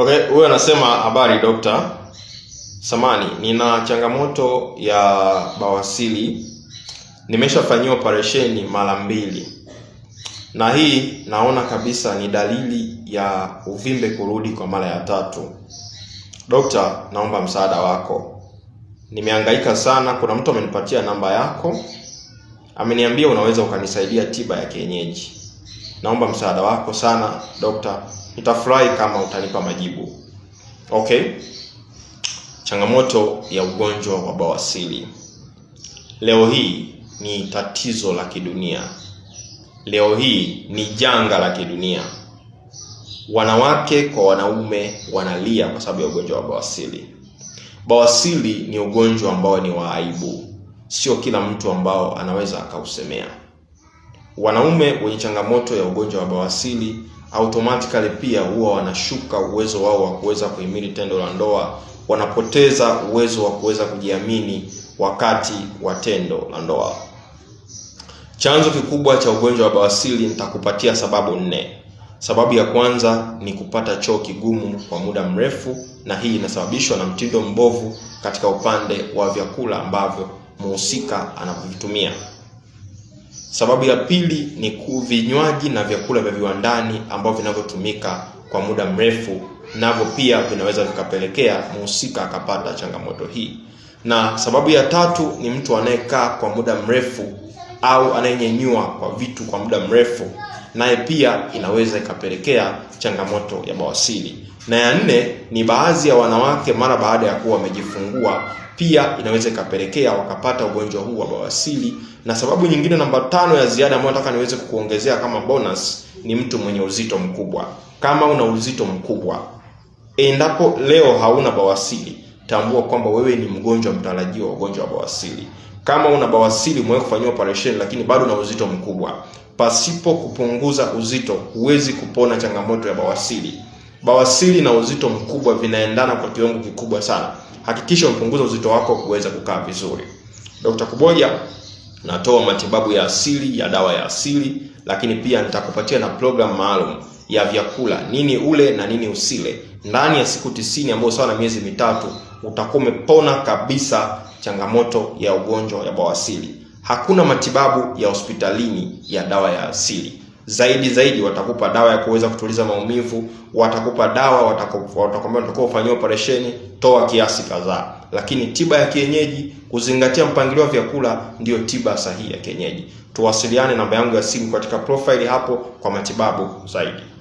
Okay, huyu anasema habari dokta. Samani, nina changamoto ya bawasili. Nimeshafanyiwa operesheni mara mbili, na hii naona kabisa ni dalili ya uvimbe kurudi kwa mara ya tatu. Dokta, naomba msaada wako, nimehangaika sana. Kuna mtu amenipatia namba yako, ameniambia unaweza ukanisaidia tiba ya kienyeji naomba msaada wako sana dokta, nitafurahi kama utanipa majibu. Okay, changamoto ya ugonjwa wa bawasili leo hii ni tatizo la kidunia, leo hii ni janga la kidunia. Wanawake kwa wanaume wanalia kwa sababu ya ugonjwa wa bawasili bawasili ni ugonjwa ambao ni wa aibu, sio kila mtu ambao anaweza akausemea. Wanaume wenye changamoto ya ugonjwa wa bawasiri automatically pia huwa wanashuka uwezo wao wa kuweza kuhimili tendo la ndoa, wanapoteza uwezo wa kuweza kujiamini wakati wa tendo la ndoa. Chanzo kikubwa cha ugonjwa wa bawasiri nitakupatia sababu nne. Sababu ya kwanza ni kupata choo kigumu kwa muda mrefu, na hii inasababishwa na mtindo mbovu katika upande wa vyakula ambavyo mhusika anavitumia. Sababu ya pili ni vinywaji na vyakula vya viwandani ambavyo vinavyotumika kwa muda mrefu, navyo pia vinaweza vikapelekea mhusika akapata changamoto hii. Na sababu ya tatu ni mtu anayekaa kwa muda mrefu au anayenyenyua kwa vitu kwa muda mrefu, naye pia inaweza ikapelekea changamoto ya bawasiri. Na ya nne ni baadhi ya wanawake mara baada ya kuwa wamejifungua pia inaweza ikapelekea wakapata ugonjwa huu wa bawasili Na sababu nyingine namba tano ya ziada ambayo nataka niweze kukuongezea kama bonus ni mtu mwenye uzito mkubwa. Kama una uzito mkubwa, endapo leo hauna bawasili tambua kwamba wewe ni mgonjwa mtarajiwa wa ugonjwa wa bawasili Kama una bawasili umewahi kufanyiwa operation lakini bado una uzito mkubwa, pasipo kupunguza uzito huwezi kupona changamoto ya bawasili bawasili na uzito mkubwa vinaendana kwa kiwango kikubwa sana hakikisha umepunguza uzito wako kuweza kukaa vizuri. Dr. Kuboja natoa matibabu ya asili ya dawa ya asili, lakini pia nitakupatia na program maalum ya vyakula, nini ule na nini usile. Ndani ya siku tisini ambayo sawa na miezi mitatu, utakuwa umepona kabisa changamoto ya ugonjwa ya bawasiri. Hakuna matibabu ya hospitalini ya dawa ya asili zaidi zaidi, watakupa dawa ya kuweza kutuliza maumivu, watakupa dawa, watakwambia utakuwa ufanyiwe operesheni, toa kiasi kadhaa. Lakini tiba ya kienyeji, kuzingatia mpangilio wa vyakula, ndiyo tiba sahihi ya kienyeji. Tuwasiliane, namba yangu ya simu katika profile hapo, kwa matibabu zaidi.